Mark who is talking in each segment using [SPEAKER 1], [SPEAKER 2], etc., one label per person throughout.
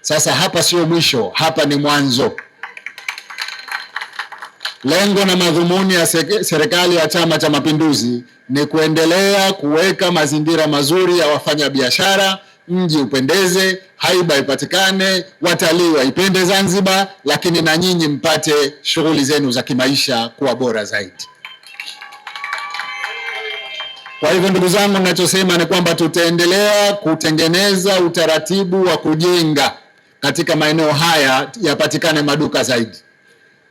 [SPEAKER 1] Sasa hapa sio mwisho, hapa ni mwanzo. Lengo na madhumuni ya serikali ya Chama cha Mapinduzi ni kuendelea kuweka mazingira mazuri ya wafanyabiashara, mji upendeze, haiba ipatikane, watalii waipende Zanzibar, lakini na nyinyi mpate shughuli zenu za kimaisha kuwa bora zaidi. Kwa hivyo ndugu zangu, ninachosema ni kwamba tutaendelea kutengeneza utaratibu wa kujenga katika maeneo haya yapatikane maduka zaidi.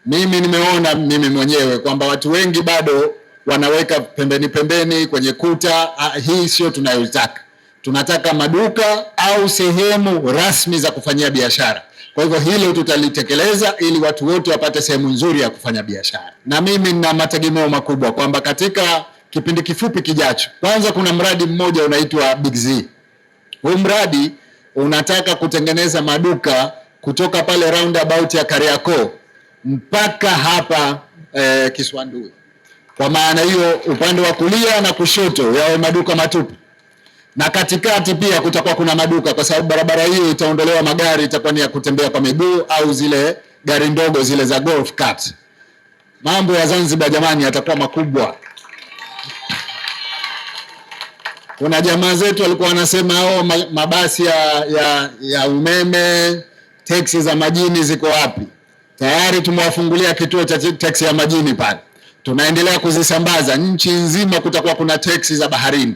[SPEAKER 1] Mimi nimeona mimi mwenyewe kwamba watu wengi bado wanaweka pembeni pembeni kwenye kuta. Ah, hii sio tunayotaka. Tunataka maduka au sehemu rasmi za kufanyia biashara. Kwa hivyo hilo tutalitekeleza ili watu wote wapate sehemu nzuri ya kufanya biashara, na mimi nina mategemeo makubwa kwamba katika kipindi kifupi kijacho. Kwanza kuna mradi mmoja unaitwa Big Z. Huu mradi unataka kutengeneza maduka kutoka pale roundabout ya Kariakoo mpaka hapa eh, Kiswandui. Kwa maana hiyo upande wa kulia na kushoto yawe maduka matupu na katikati pia kutakuwa kuna maduka, kwa sababu barabara hiyo itaondolewa magari, itakuwa ni ya kutembea kwa miguu au zile gari ndogo zile za golf cart. Mambo ya Zanzibar jamani, yatakuwa makubwa. Kuna jamaa zetu walikuwa wanasema hao oh, mabasi ya, ya, ya umeme teksi za majini ziko wapi? Tayari tumewafungulia kituo cha teksi ya majini pale, tunaendelea kuzisambaza nchi nzima. Kutakuwa kuna teksi za baharini,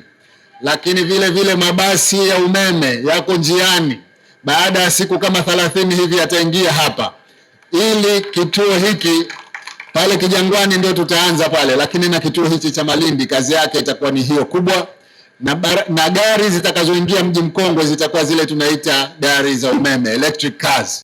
[SPEAKER 1] lakini vile vile mabasi ya umeme yako njiani, baada ya siku kama thelathini hivi yataingia hapa, ili kituo hiki pale Kijangwani ndio tutaanza pale, lakini na kituo hichi cha Malindi kazi yake itakuwa ni hiyo kubwa na, na gari zitakazoingia mji mkongwe zitakuwa zile tunaita gari za umeme electric cars.